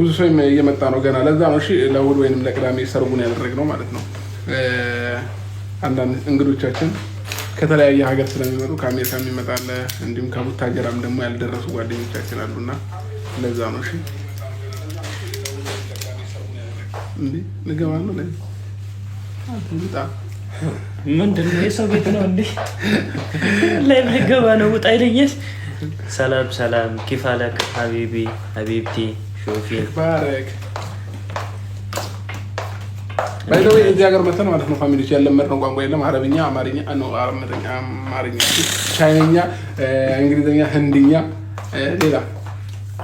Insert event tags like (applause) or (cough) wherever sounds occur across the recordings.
ብዙ ሰው እየመጣ ነው ገና። ለዛ ነው እሺ፣ ለእሑድ ወይንም ለቅዳሜ ሰርጉን ያደረግነው ማለት ነው። አንዳንድ እንግዶቻችን ከተለያየ ሀገር ስለሚመጡ ከአሜሪካ የሚመጣለ እንዲሁም ከቡታጀራም ደግሞ ያልደረሱ ጓደኞቻችን አሉና ለዛ ነው እሺ። እንዴ ንገባ ነው ላይ ውጣ ምንድን ነው የሰው ቤት ነው እንዴ ላይ ምንገባ ነው ውጣ ይለኛል። ሰላም ሰላም፣ ኪፋለክ ሀቢቢ ሀቢብቲ ባይ ዘ ወይ እዚህ ሀገር መተን ማለት ነው ፋሚሊዎች ያለመድነው ቋንቋ የለም። አረብኛ፣ አማርኛ ነው አማርኛ፣ ቻይነኛ፣ እንግሊዝኛ፣ ህንድኛ፣ ሌላ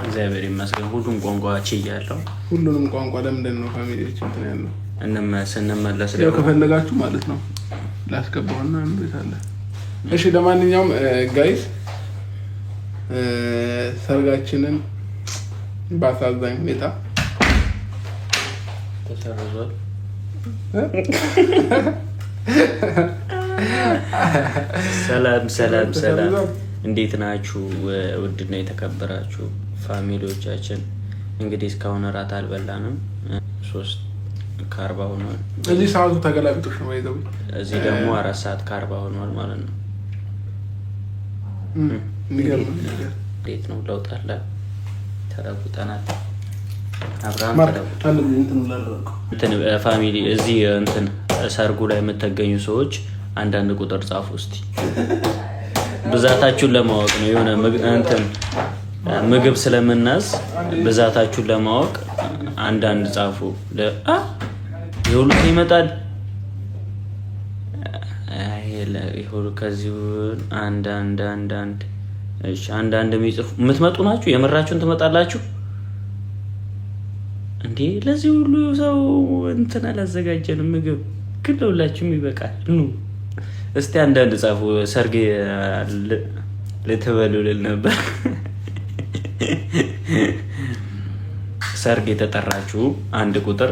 እግዚአብሔር ይመስገን ሁሉም ቋንቋ ችያለሁ። ሁሉንም ቋንቋ ለምንድን ነው ፋሚሊዎች እንትን ያለው ስንመለስ ያው ከፈለጋችሁ ማለት ነው ላስገባውና እንብታለ። እሺ ለማንኛውም ጋይስ ሰርጋችንን በአሳዛኝ ሁኔታ ተሰርዟል። ሰላም ሰላም ሰላም፣ እንዴት ናችሁ? ውድና የተከበራችሁ ፋሚሊዎቻችን እንግዲህ እስካሁን እራት አልበላንም። ሶስት ከአርባ ሆኗል። እዚህ ሰዓቱ ተገላቢጦች ነው። ይዘው እዚህ ደግሞ አራት ሰዓት ከአርባ ሆኗል ማለት ነው። እንዴት ነው ለውጥ አለ? ተለውጠናል። አብርሃም ፋሚሊ እዚህ እንትን ሰርጉ ላይ የምትገኙ ሰዎች አንዳንድ ቁጥር ጻፉ እስቲ ብዛታችሁን ለማወቅ ነው። የሆነ እንትን ምግብ ስለምናዝ ብዛታችሁን ለማወቅ አንዳንድ ጻፉ። የሁሉት ይመጣል ከዚሁ አንድ አንድ አንድ አንድ እሺ አንዳንድ የሚጽፉ የምትመጡ ናችሁ? የምራችሁን ትመጣላችሁ እንዴ? ለዚህ ሁሉ ሰው እንትን አላዘጋጀንም። ምግብ ግን ለሁላችሁም ይበቃል። ኑ እስቲ አንዳንድ ጻፉ። ሰርግ ልትበሉ ልል ነበር። ሰርግ የተጠራችሁ አንድ ቁጥር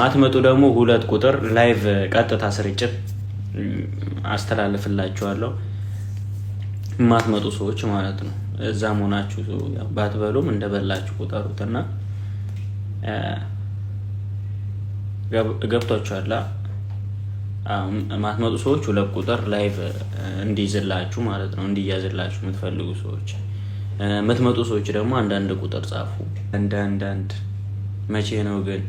ማትመጡ ደግሞ ሁለት ቁጥር ላይቭ ቀጥታ ስርጭት አስተላልፍላችኋለሁ። የማትመጡ ሰዎች ማለት ነው። እዛ መሆናችሁ ባትበሉም እንደበላችሁ ቁጠሩት እና ገብቷችኋል። ማትመጡ ሰዎች ሁለት ቁጥር ላይቭ እንዲይዝላችሁ ማለት ነው። እንዲያዝላችሁ የምትፈልጉ ሰዎች የምትመጡ ሰዎች ደግሞ አንዳንድ ቁጥር ጻፉ። አንዳንድ መቼ ነው ግን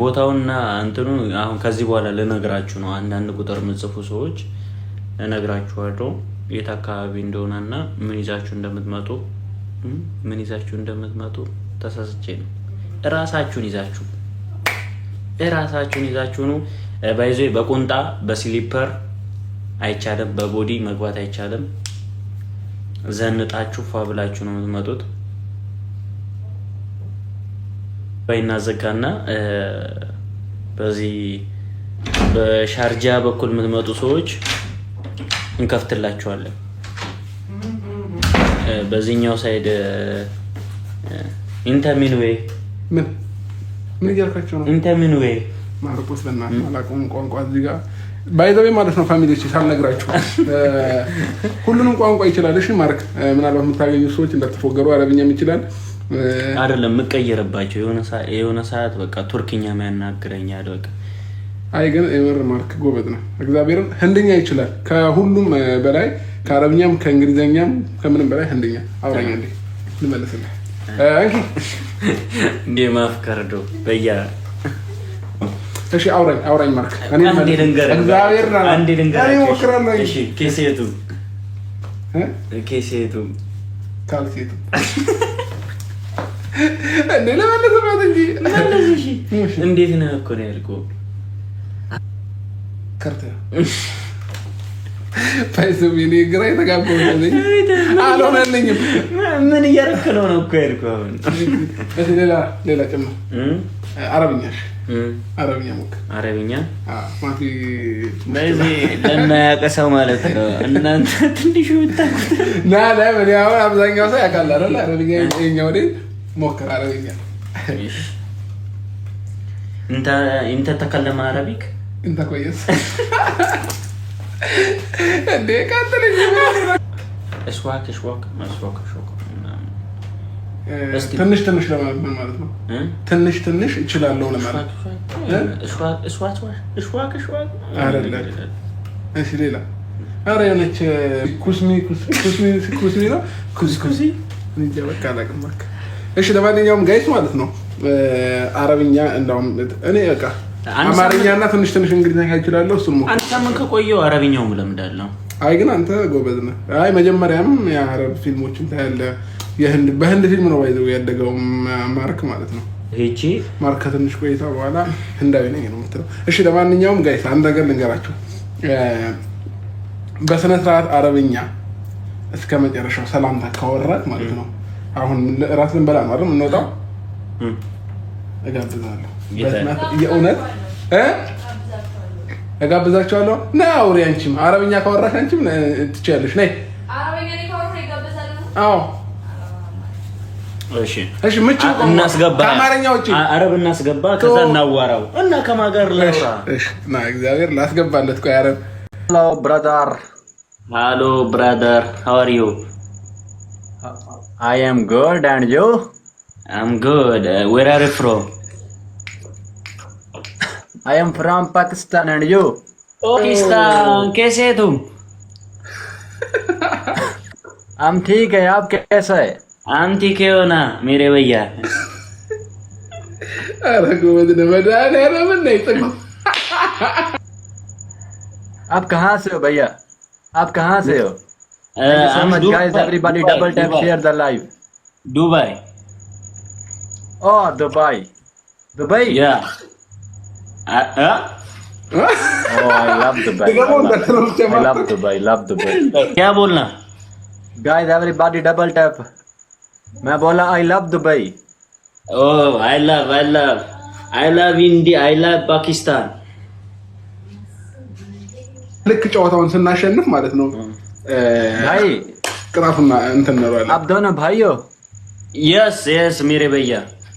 ቦታውና እንትኑ አሁን ከዚህ በኋላ ልነግራችሁ ነው። አንዳንድ ቁጥር የምጽፉ ሰዎች እነግራችኋለሁ። የት አካባቢ እንደሆነ እና ምን ይዛችሁ እንደምትመጡ ምን ይዛችሁ እንደምትመጡ ተሳስቼ ነው። እራሳችሁን ይዛችሁ እራሳችሁን ይዛችሁ ነው። ባይዞ በቁንጣ በስሊፐር አይቻልም፣ በቦዲ መግባት አይቻልም። ዘንጣችሁ ፏ ብላችሁ ነው የምትመጡት። ባይና ዘጋና በዚህ በሻርጃ በኩል የምትመጡ ሰዎች እንከፍትላችኋለን። በዚህኛው ሳይድ ኢንተሚን ምን ምን እያልካቸው ነው? ኢንተሚን ማርቆስ ለእናንተ አላውቅም ቋንቋ እዚህ ጋር ባይዘቤ ማለት ነው። ፋሚሊዎች ሳልነግራችሁ ሁሉንም ቋንቋ ይችላል። እሺ ማርክ፣ ምናልባት የምታገኙ ሰዎች እንዳትፎገሩ፣ አረብኛም ይችላል አይደለም የምቀየርባቸው የሆነ ሰዓት በቃ ቱርክኛ ያናግረኛል በቃ አይ ግን የምር ማርክ ጎበዝ ነው። እግዚአብሔርን ህንድኛ ይችላል ከሁሉም በላይ ከአረብኛም ከእንግሊዝኛም ከምንም በላይ ህንድኛ አውራኛ እንዴ ልመልስልህ እንኪ እንዴ ማፍቀርዶ በያ እሺ አውራኝ አውራኝ ማርክ ኬሴቱ ኬሴቱ ካልሴቱ እንዴ ለመለስበት እንጂ እንዴት ነህ እኮ ነው ያልኩህ ከርተ (laughs) እኔ ግራ የተጋባ አልሆነልኝም። ምን እያደረክ ነው? ነው እኮ የሄድኩህ አሁን። ሌላ ሌላ ጭምር አረብኛ አረብኛ ሞክር። አረብኛ ለማያውቅ ሰው ማለት ነው። እናንተ ትንሹ የምታውቁት አሁን አብዛኛው ሰው ያውቃል አይደል? አረብኛ የኛ ወደ ሞክር አረብኛ እንተ ተከለማ አረቢክ እንደ ቆየስ እንዴ ቀጥልኝ። እሽዋክ እሽዋክ እሽዋክ እሽዋክ ትንሽ ትንሽ ለማለት ማለት ነው። ትንሽ ትንሽ እችላለሁ ለማለት እሺ። ሌላ ኧረ የሆነች ኩስሚ ኩስሚ ነው ኩስኩዚ እንጃ በቃ አላውቅም። እሺ ለማንኛውም ጋይስ ማለት ነው አረብኛ እንዳውም እኔ በቃ አማርኛና ትንሽ ትንሽ እንግሊዝኛ እችላለሁ። እሱ አንተ ምን ከቆየው አረብኛውም እለምዳለሁ። አይ ግን አንተ ጎበዝ ነህ። አይ መጀመሪያም የአረብ ፊልሞችን ታያለህ። የህንድ በህንድ ፊልም ነው ባይዘው ያደገው ማርክ ማለት ነው። ሄቺ ማርክ ከትንሽ ቆይታ በኋላ ህንዳዊ ነኝ ነው የምትለው። እሺ ለማንኛውም ጋይስ አንድ ነገር ልንገራችሁ። በስነ ስርዓት አረብኛ እስከ መጨረሻው ሰላምታ ካወራት ማለት ነው። አሁን እራት ልንበላ ነው አይደል የምንወጣው እጋብዛለሁ የእውነት እጋብዛቸዋለሁ። ና አውሪ። አንቺም አረብኛ ካወራሽ አንቺም ትችያለሽ። ነይ። አዎ፣ እሺ፣ እሺ። እናስገባ፣ ከአማርኛ ውጪ አረብ እናስገባ፣ ከዛ እናዋራው እና ከማገር ለራ። ና እግዚአብሔር ላስገባለት። ቆይ አረብ። ሄሎ ብራዳር፣ ሄሎ ብራዳር፣ ሃው አር ዩ? አይ አም ጉድ ኤንድ ዩ? I'm good. Uh, where are you from? I am from Pakistan and you? Pakistan कैसे है तुम हम ठीक है आप कैसा है आम तीखे हो ना मेरे भैया अरे गोविंद ने बनाया अरे मैं नहीं तक आप कहाँ से हो भैया आप कहाँ से हो Uh, so I'm much, guys. Everybody, double tap, Dubai, share the live. Dubai. Oh, Dubai. Dubai? Yeah. Uh, huh? oh, I love Dubai. I love, I love Dubai. Love Dubai. क्या बोलना? Guys, everybody double tap. मैं बोला I love Dubai. Oh, I love, I love, I love India, I love Pakistan. ልክ ጨዋታውን ስናሸንፍ ማለት ነው። ቅጣቱና እንትን ነው አብዶ ነው ቫዮ የስ የስ ሜሬ በያ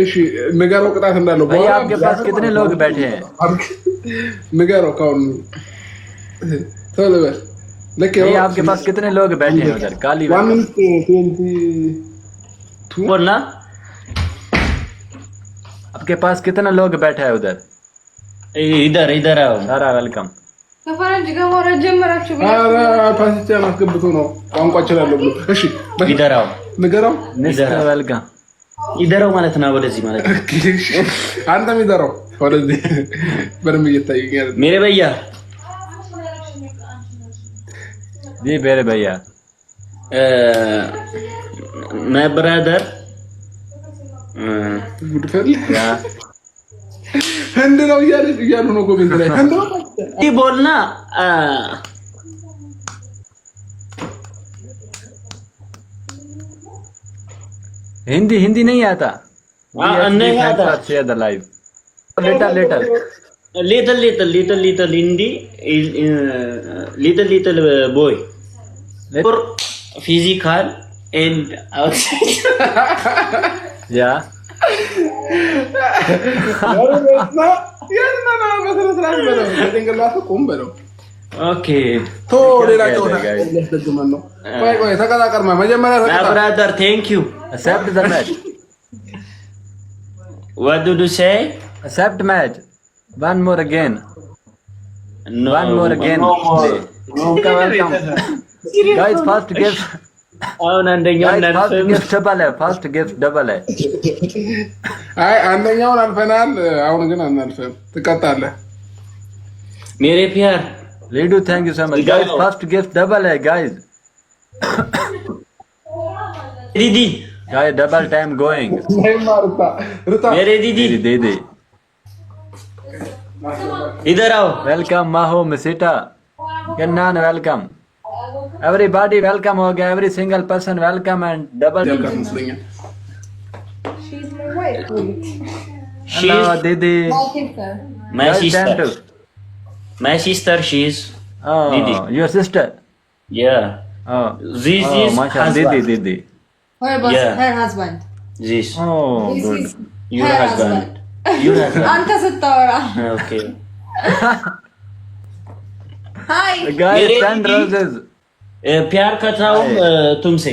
እሺ ንገረው፣ ቅጣት እንዳለው ንገረው። ካሁን ቶሎ በል आपके पास कितने लोग बैठे हैं उधर इधर इधर आओ सारा वेलकम ፓስቻ ማስገብቶ ነው ይደረው ማለት ነው። ወደዚህ ማለት አንተ ይደረው ወደዚህ በደንብ እየታየኛል። ሜሬ በያ ዲ ሜሬ በያ ማይ ብራደር ጉድፈል ያ ህንድ ነው እያሉ ነው ኮሜንት ላይ ህንድ ነው ቦልና हिंदी हिंदी नहीं आता हाँ, नहीं आता share the live later later little little little little hindi is uh, little little uh, boy for physical and outside yeah ያርመና ያርመና መሰረት ላይ በለው ጭንቅላት ቁም በለው ኦኬ ቶ ብራዘር ቴንክ ዩ ሰብድ ዘ ማች ዋት ሰብድ ማች ዋን ሞር አገን ዋን ሞር አገን ጋይስ ፋስት ጌፍ አሁን አንደኛውን አልፈን ደበለ ፋስት ጌፍ ደበለ። አይ አንደኛውን አልፈናል። አሁን ግን አናልፈም። ትቀጣለህ ሜሬ ፒየር Lidu, thank you so much. Guys, first gift double है guys. Didi. Guys, double time going. नहीं मारता रुता मेरे दीदी दीदी दीदी. इधर आओ Welcome Maho Misita. Gannan welcome. Everybody welcome हो गया. Every single person welcome and double. welcome She's my wife. Hello दीदी. my sister My sister, she's oh, Didi. your sister. Yeah. Oh, This oh, is husband. Didi, Didi. Her, bus, Yeah. her husband. This Oh, This good. is your her husband. husband. Your husband. (laughs) Anta okay. The (laughs) Hi. guy Mere sent Didi. roses. Uh, प्यार करता हूँ uh, तुमसे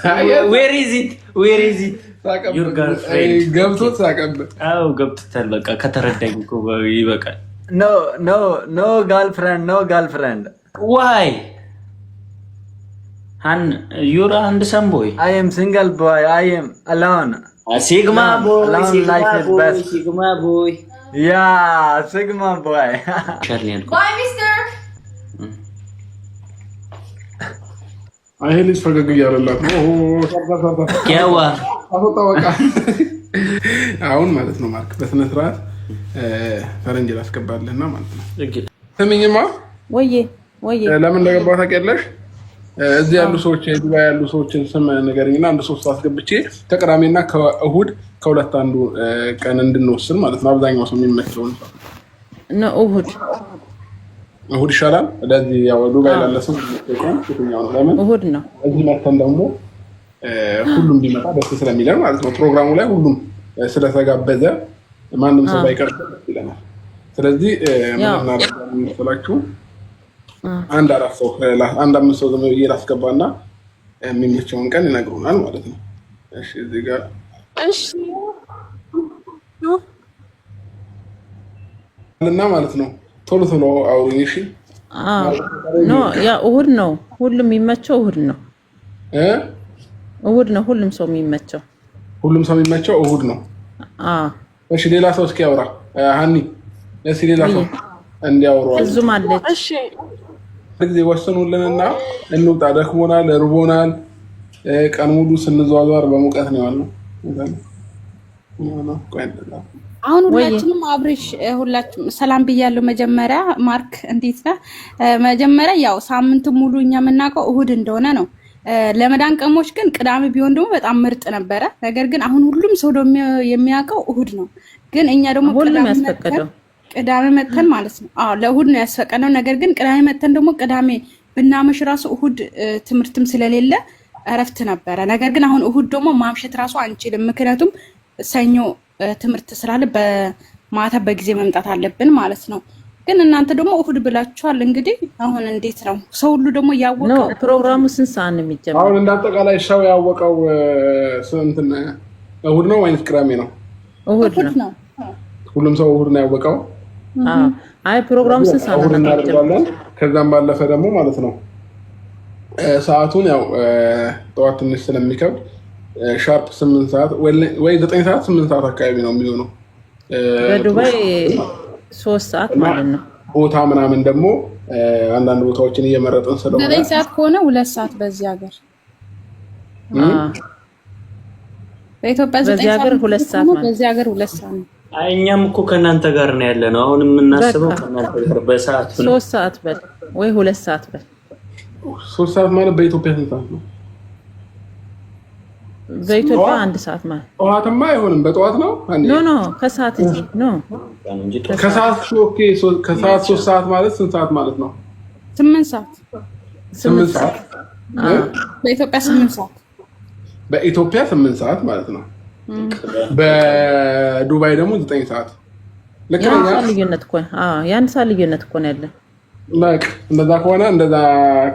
(laughs) ገብቶት ሳቀበት። ገብቶታል። በቃ ከተረዳኝ ይበቃል። ኖ ኖ ኖ ጋልፍሬንድ ኖ ጋልፍሬንድ ዋይ አን ዩር አንድ ሰም ቦይ አይ ኤም ሲንግል ቦይ አይ ኤም አሎን ሲግማ ቦይ ያ ሲግማ ቦይ ይሄ ልጅ ፈገግ እያለላት ነው። አሁን ማለት ነው ማርክ በስነ ስርዓት ፈረንጅ ላስገባልህና ማለት ነው። ስሚኝማ ለምን ለገባ ታውቂያለሽ? እዚህ ያሉ ሰዎች ዱባይ ያሉ ሰዎችን ስም ንገረኝና አንድ ሶስት አስገብቼ ከቅዳሜና ከእሁድ ከሁለት አንዱ ቀን እንድንወስን ማለት ነው። አብዛኛው ሰው የሚመቸውን እሁድ እሁድ ይሻላል። ስለዚህ ያው ዱባይ ላለሰው የትኛው ለምን እሁድ ነው። እዚህ መተን ደግሞ ሁሉም ቢመጣ ደስ ስለሚለን ማለት ነው። ፕሮግራሙ ላይ ሁሉም ስለተጋበዘ ማንም ሰው ባይቀር ይለናል። ስለዚህ ምናላችሁ አንድ አራት ሰው አንድ አምስት ሰው ዝም ብዬ ላስገባና የሚመቸውን ቀን ይነግሩናል ማለት ነው። እሺ እዚህ ጋር እሺ እና ማለት ነው ቶሎ ቶሎ አውሪሽ። ኖ ያ እሁድ ነው፣ ሁሉም የሚመቸው እሁድ ነው። እሁድ ነው ሁሉም ሰው የሚመቸው ሁሉም ሰው የሚመቸው እሁድ ነው። እሺ ሌላ ሰው እስኪ አውራ ሀኒ እስኪ ሌላ ሰው እንዲያውሩ እዙም አለች። እሺ ጊዜ ወስኑልንና እንውጣ። ደክሞናል፣ ርቦናል። ቀን ሙሉ ስንዘዋዘር በሙቀት ነው ያልነው። አሁን ሁላችንም አብሬሽ ሁላችሁም ሰላም ብያለሁ። መጀመሪያ ማርክ እንዴት ነህ? መጀመሪያ ያው ሳምንት ሙሉ እኛ የምናውቀው እሁድ እንደሆነ ነው። ለመዳን ቀሞች ግን ቅዳሜ ቢሆን ደግሞ በጣም ምርጥ ነበረ። ነገር ግን አሁን ሁሉም ሰው ደግሞ የሚያውቀው እሁድ ነው። ግን እኛ ደግሞ ቅዳሜ መተን ማለት ነው። አዎ ለእሁድ ነው ያስፈቀደው። ነገር ግን ቅዳሜ መተን ደግሞ ቅዳሜ ብናመሽ ራሱ እሁድ ትምህርትም ስለሌለ እረፍት ነበረ። ነገር ግን አሁን እሁድ ደግሞ ማምሸት ራሱ አንችልም። ምክንያቱም ሰኞ ትምህርት ስላለ በማታ በጊዜ መምጣት አለብን ማለት ነው። ግን እናንተ ደግሞ እሁድ ብላችኋል። እንግዲህ አሁን እንዴት ነው ሰው ሁሉ ደግሞ ያወቀው ፕሮግራሙ ስንት ሰዓት ነው የሚጀምረው? አሁን እንዳጠቃላይ ሰው ያወቀው ስንትና እሁድ ነው ወይንስ ቅዳሜ ነው? እሁድ ነው። ሁሉም ሰው እሁድ ነው ያወቀው። አይ ፕሮግራሙ ስንት ሰዓት ነው እናደርጋለን። ከዛም ባለፈ ደግሞ ማለት ነው ሰዓቱን ያው ጠዋት ትንሽ ስለሚከብድ ሻርፕ ስምንት ሰዓት ወይ ዘጠኝ ሰዓት ስምንት ሰዓት አካባቢ ነው የሚሆነው በዱባይ ሶስት ሰዓት ማለት ነው። ቦታ ምናምን ደግሞ አንዳንድ ቦታዎችን እየመረጥን ስለሆነ ዘጠኝ ሰዓት ከሆነ ሁለት ሰዓት በዚህ ሀገር በኢትዮጵያ ዘጠኝ ሰዓት ሁለት ሰዓት ነው። በዚህ ሀገር ሁለት ሰዓት ነው። እኛም እኮ ከእናንተ ጋር ነው ያለ ነው። አሁን የምናስበው ከእናንተ ጋር ሶስት ሰዓት በል ወይ ሁለት ሰዓት በል ሶስት ሰዓት ማለት በኢትዮጵያ ስንት ሰዓት ነው? በኢትዮጵያ አንድ ሰዓት ማለት ጠዋትማ አይሆንም። በጠዋት ነው ኖ ኖ ከሰዓት እ ኖ ከሰዓት ኦኬ። ከሰዓት ሶስት ሰዓት ማለት ስንት ሰዓት ማለት ነው? ስምንት ሰዓት ስምንት ሰዓት በኢትዮጵያ ስምንት ሰዓት በኢትዮጵያ ስምንት ሰዓት ማለት ነው። በዱባይ ደግሞ ዘጠኝ ሰዓት ልክ ልዩነት እኮ የአንድ ሰዓት ልዩነት እኮ ነው ያለን እንደዛ ከሆነ እንደዛ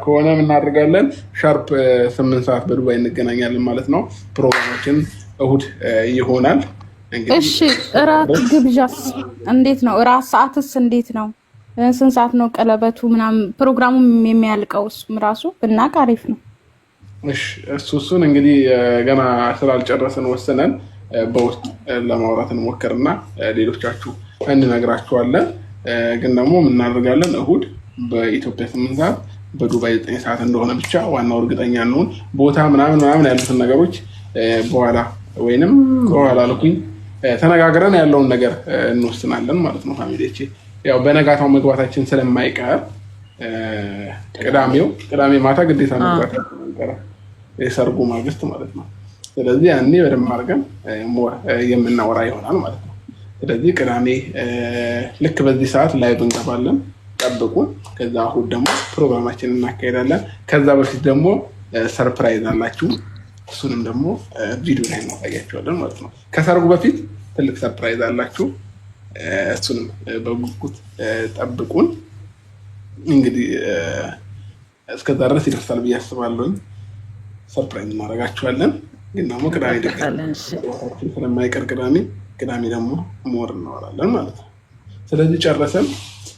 ከሆነ እናደርጋለን። ሻርፕ ስምንት ሰዓት በዱባይ እንገናኛለን ማለት ነው። ፕሮግራማችን እሁድ ይሆናል። እሺ እራት ግብዣስ እንዴት ነው? እራት ሰዓትስ እንዴት ነው? ስንት ሰዓት ነው ቀለበቱ ምናምን ፕሮግራሙ የሚያልቀው? እሱም ራሱ ብናቅ አሪፍ ነው። እሱ እሱን እንግዲህ ገና ስላልጨረስን ወስነን በውስጥ ለማውራት እንሞክርና ሌሎቻችሁ እንነግራችኋለን። ግን ደግሞ እናደርጋለን እሁድ በኢትዮጵያ ስምንት ሰዓት በዱባይ ዘጠኝ ሰዓት እንደሆነ ብቻ ዋናው እርግጠኛ እንሆን። ቦታ ምናምን ምናምን ያሉትን ነገሮች በኋላ ወይንም በኋላ ልኩኝ ተነጋግረን ያለውን ነገር እንወስናለን ማለት ነው። ፋሚሊቼ ያው በነጋታው መግባታችን ስለማይቀር ቅዳሜው ቅዳሜ ማታ ግዴታ መግባት የሰርጉ ማግስት ማለት ነው። ስለዚህ ያኔ በደንብ አድርገን የምናወራ ይሆናል ማለት ነው። ስለዚህ ቅዳሜ ልክ በዚህ ሰዓት ላይቭ እንገባለን። ጠብቁን። ከዛ እሑድ ደግሞ ፕሮግራማችን እናካሄዳለን። ከዛ በፊት ደግሞ ሰርፕራይዝ አላችሁ። እሱንም ደግሞ ቪዲዮ ላይ እናሳያቸዋለን ማለት ነው። ከሰርጉ በፊት ትልቅ ሰርፕራይዝ አላችሁ። እሱንም በጉጉት ጠብቁን። እንግዲህ እስከዛ ድረስ ይደርሳል ብዬ አስባለሁ። ሰርፕራይዝ እናደርጋችኋለን። ግን ደግሞ ቅዳሜ ስለማይቀር ቅዳሜ ቅዳሜ ደግሞ ሞር እናወራለን ማለት ነው። ስለዚህ ጨረሰን።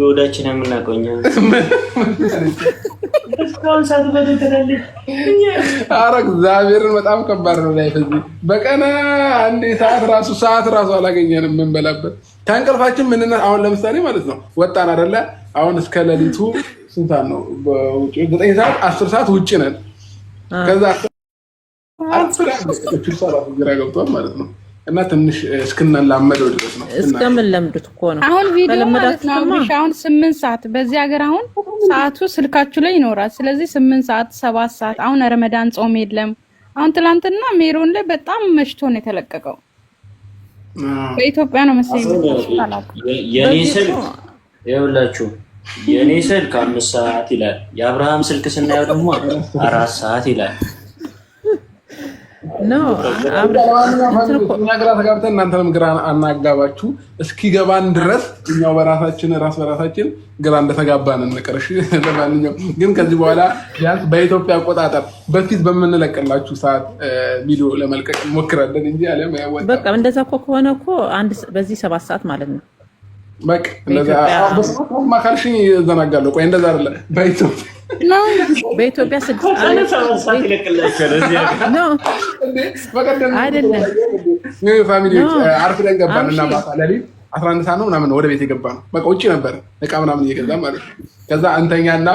ሮዳችን የምናቆኛ እኛ (laughs) እስካሁን ሰዓት እግዚአብሔርን በጣም ከባድ ነው። ላይ እዚህ በቀን አንዴ ሰዓት ራሱ ሰዓት ራሱ አላገኘንም የምንበላበት ከእንቅልፋችን ምንነት። አሁን ለምሳሌ ማለት ነው ወጣን አደለ አሁን እስከ ሌሊቱ ስንት ነው? ዘጠኝ ሰዓት አስር ሰዓት ውጭ ነን። ከዛ ሰዓት ገብቷል ማለት ነው እና ትንሽ እስክንላመደው ድረስ ነው። እስከምንለምዱት እኮ ነው። አሁን ቪዲዮ ማለት ነው አሁን ስምንት ሰዓት በዚህ ሀገር አሁን ሰዓቱ ስልካችሁ ላይ ይኖራል። ስለዚህ ስምንት ሰዓት ሰባት ሰዓት አሁን ረመዳን ጾም የለም። አሁን ትላንትና ሜሮን ላይ በጣም መሽቶ ነው የተለቀቀው። በኢትዮጵያ ነው መሰለኝ። የኔ ስልክ ይኸውላችሁ፣ የኔ ስልክ አምስት ሰዓት ይላል። የአብርሃም ስልክ ስናየው ደግሞ አራት ሰዓት ይላል። ግራ ተጋብተን እናንተንም ግራ አናጋባችሁ። እስኪገባን ድረስ እኛው በራሳችን ራስ በራሳችን ግራ እንደተጋባን እንቅር። ለማንኛውም ግን ከዚህ በኋላ ቢያንስ በኢትዮጵያ አቆጣጠር በፊት በምንለቅላችሁ ሰዓት ቪዲዮ ለመልቀቅ እንሞክራለን እንጂ ያለ በቃ እንደዛ እኮ ከሆነ እኮ በዚህ ሰባት ሰዓት ማለት ነው በቃ በሰማ ካልሽ እዘናጋለሁ። ቆይ እንደዛ አይደለ። በኢትዮጵያ ፋሚሊዎች አርፍደን ገባን እና ማታ ሌሊት አስራ አንድ ሰዓት ነው ምናምን ወደ ቤት የገባ ነው። በቃ ውጭ ነበር እቃ ምናምን እየገዛ ማለት ነው። ከዛ እንተኛና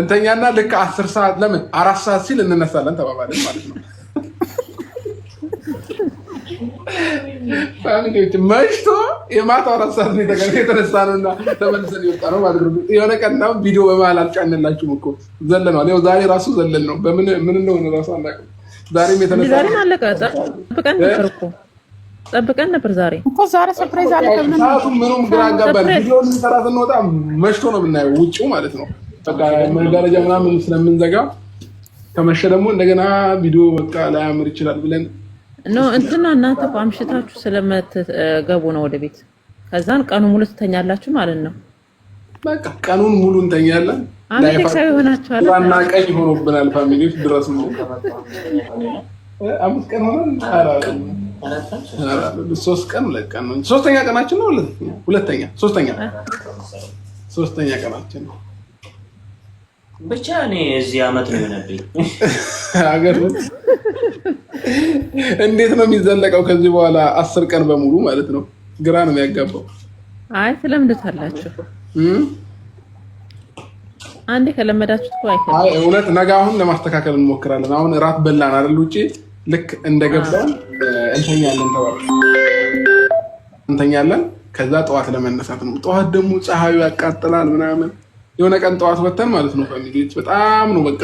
እንተኛና ልክ አስር ሰዓት ለምን አራት ሰዓት ሲል እንነሳለን ተባባለን ማለት ነው። መሽቶ የማታ አራት ሰዓት ነው የተነሳ ነው እና ተመልሰን የወጣ ነው ማለት ነው። የሆነ ቀን ቪዲዮ በመሀል አልጫንላችሁም እኮ ዘለነዋል። ያው ዛሬ ራሱ ነው። በምን ምን እንደሆነ ራሱ አናውቅም። ዛሬም አለቀ። ጠብቀን ነበር እኮ ጠብቀን ነበር። ዛሬ እኮ ዛሬ ሰርፕራይዝ አለ። ምኑም ግራ አጋባል። ቪዲዮ ልንሰራ ስንወጣ መሽቶ ነው የምናየው፣ ውጭው ማለት ነው። በቃ መጋረጃ ምናምን ስለምንዘጋ ከመሸ ደግሞ እንደገና ቪዲዮ በቃ ላያምር ይችላል ብለን ኖ እንትና እናንተ እኮ አምሽታችሁ ስለምትገቡ ነው ወደ ቤት። ከዛን ቀኑ ሙሉ ትተኛላችሁ ማለት ነው። በቃ ቀኑን ሙሉ እንተኛለን። አሜሪካዊ ሆናችኋል። ዋና ቀኝ ሆኖብናል። ፋሚሊዎች ድረስ ነው አምስት ቀን ሆነን ሶስት ቀን ሁለት ቀን ነው። ሶስተኛ ቀናችን ነው። ሁለተኛ ሶስተኛ ሶስተኛ ቀናችን ነው። ብቻ እኔ እዚህ አመት ነው የሆነብኝ። ሀገር እንዴት ነው የሚዘለቀው? ከዚህ በኋላ አስር ቀን በሙሉ ማለት ነው። ግራ ነው የሚያጋባው። አይ ትለምዱታላችሁ። አንዴ ከለመዳችሁት እውነት ነገ አሁን ለማስተካከል እንሞክራለን። አሁን እራት በላን አይደል? ውጭ ልክ እንደገባን እንተኛለን ተባለ። እንተኛለን። ከዛ ጠዋት ለመነሳት ነው። ጠዋት ደግሞ ፀሐዩ ያቃጥላል ምናምን የሆነ ቀን ጠዋት ወተን ማለት ነው ፋሚሊዎች በጣም ነው በቃ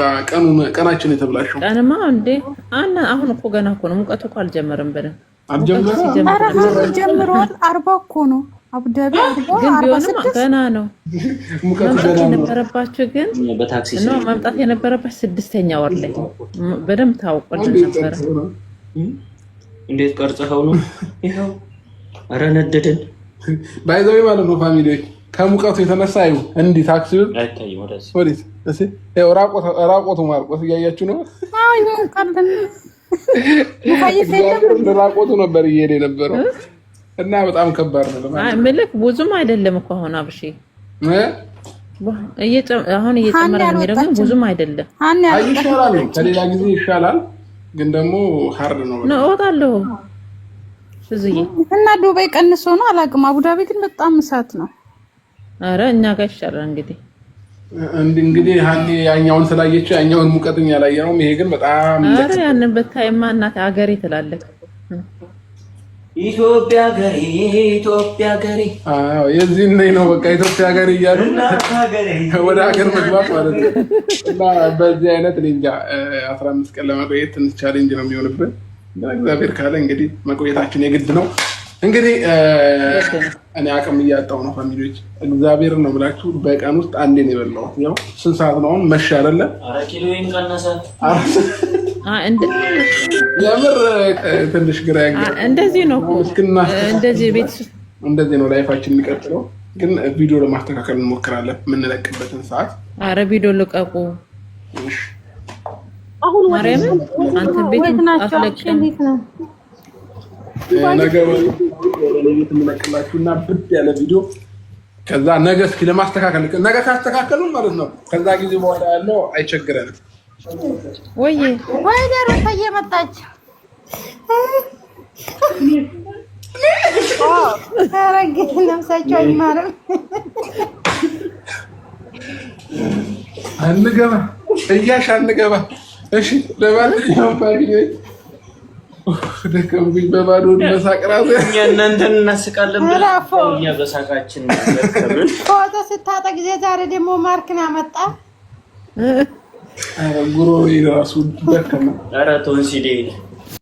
ቀናችን የተብላሸው። ቀንማ እንዴ አና አሁን እኮ ገና እኮ ነው ሙቀት እኮ አልጀመረም። በደንብ አልጀመረም። ጀምሯል። አርባ እኮ ነው አቡዳቢ ግን ቢሆንም ገና ነው። መምጣት የነበረባቸው ግን መምጣት የነበረባቸው ስድስተኛ ወር ላይ በደንብ ታውቆልን ነበረ። እንዴት ቀርጽኸው ነው ይኸው። ኧረ ነደድን ባይዘዊ ማለት ነው ፋሚሊዎች ከሙቀቱ የተነሳ ይሁን እንዲህ ታክሲ ራቆቱ ማርቆት እያያችሁ ነው። (laughs) ራቆቱ ነበር እየሄደ የነበረው እና በጣም ከባድ ነው። ምልክ ብዙም አይደለም እኮ አሁን አብሽ አሁን እየጨመረ የሚሄደው ግን ብዙም አይደለም። ይሻላል፣ ከሌላ ጊዜ ይሻላል። ግን ደግሞ ሀርድ ነው። እወጣለሁ እና ዱባይ ቀንሶ ነው አላውቅም። አቡዳቢ ግን በጣም እሳት ነው። አረ እኛ ጋር ይሻላል። እንግዲህ እንግዲህ ሀኒ ያኛውን ስላየችው ያኛውን ሙቀትኛ ያላየ ነው። ይሄ ግን በጣም አረ ያንን በታይማ እናት አገሬ ትላለህ። ኢትዮጵያ ገሪ ኢትዮጵያ ገሪ አዎ፣ የዚህ ላይ ነው በቃ ኢትዮጵያ ገሪ እያሉ ወደ ሀገር መግባት ማለት ነው። እና በዚህ አይነት እንጃ 15 ቀን ለመቆየት ትንሽ ቻሌንጅ ነው የሚሆንብን። እግዚአብሔር ካለ እንግዲህ መቆየታችን የግድ ነው። እንግዲህ እኔ አቅም እያጣው ነው። ፋሚሊዎች እግዚአብሔር ነው ብላችሁ በቀን ውስጥ አንዴን ነው የበላሁት። ያው ስንት ሰዓት ነው አሁን? መሸ የምር ትንሽ ግራ እንደዚህ ነው ላይፋችን የሚቀጥለው። ግን ቪዲዮ ለማስተካከል እንሞክራለን የምንለቅበትን ሰዓት። አረ ቪዲዮ ልቀቁ። አሁን አንተ ቤት ናቸው። ነገ ቤት የምለቅላችሁ እና ብድ ያለ ቪዲዮ ከዛ ነገ እስኪ ለማስተካከል ነገ ካስተካከሉ ማለት ነው። ከዛ ጊዜ በኋላ ያለው አይቸግረንም። ወይ ወይ ደሩታ እየመጣች ረግ ነብሳቸው አይማርም። አንገባ እያሽ አንገባ። እሺ ለማንኛውም ፋሚሊ ደከምኩኝ። በባዶ መሳቅ ራሱ እኛ እናንተን እናስቃለን። እኛ በሳቃችን ፎቶ ስታጠ ጊዜ ዛሬ ደግሞ ማርክን አመጣ። ጉሮ ራሱ ደከመ። ኧረ ቶንሲሌ